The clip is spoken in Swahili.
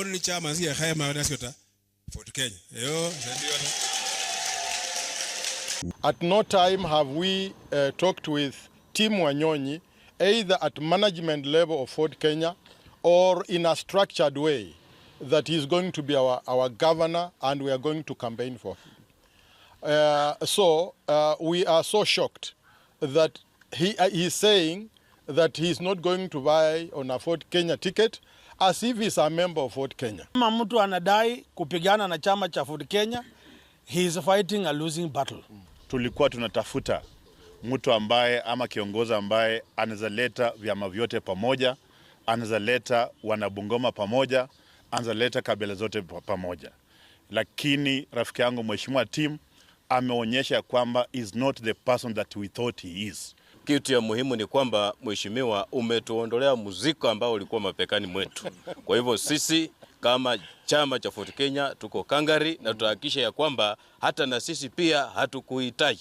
oni ni haya si yakhema nasiota Fort Kenya yo At no time have we uh, talked with Tim Wanyonyi either at management level of Ford Kenya or in a structured way that is going to be our, our governor and we are going to campaign for him. Uh, so uh, we are so shocked that he, uh, saying that he is not going to buy on a Ford Kenya ticket as if he is a member of Ford Kenya. Kama mtu anadai kupigana na chama cha Ford Kenya, he is fighting a losing battle. Tulikuwa tunatafuta mtu ambaye ama kiongozi ambaye anaweza leta vyama vyote pamoja, anaweza leta wanabungoma pamoja, anaweza leta kabila zote pamoja, lakini rafiki yangu mheshimiwa Tim ameonyesha kwamba is not the person that we thought he is kitu ya muhimu ni kwamba mheshimiwa, umetuondolea muziko ambao ulikuwa mapekani mwetu. Kwa hivyo sisi kama chama cha Ford Kenya tuko kangari na tutahakikisha ya kwamba hata na sisi pia hatukuhitaji.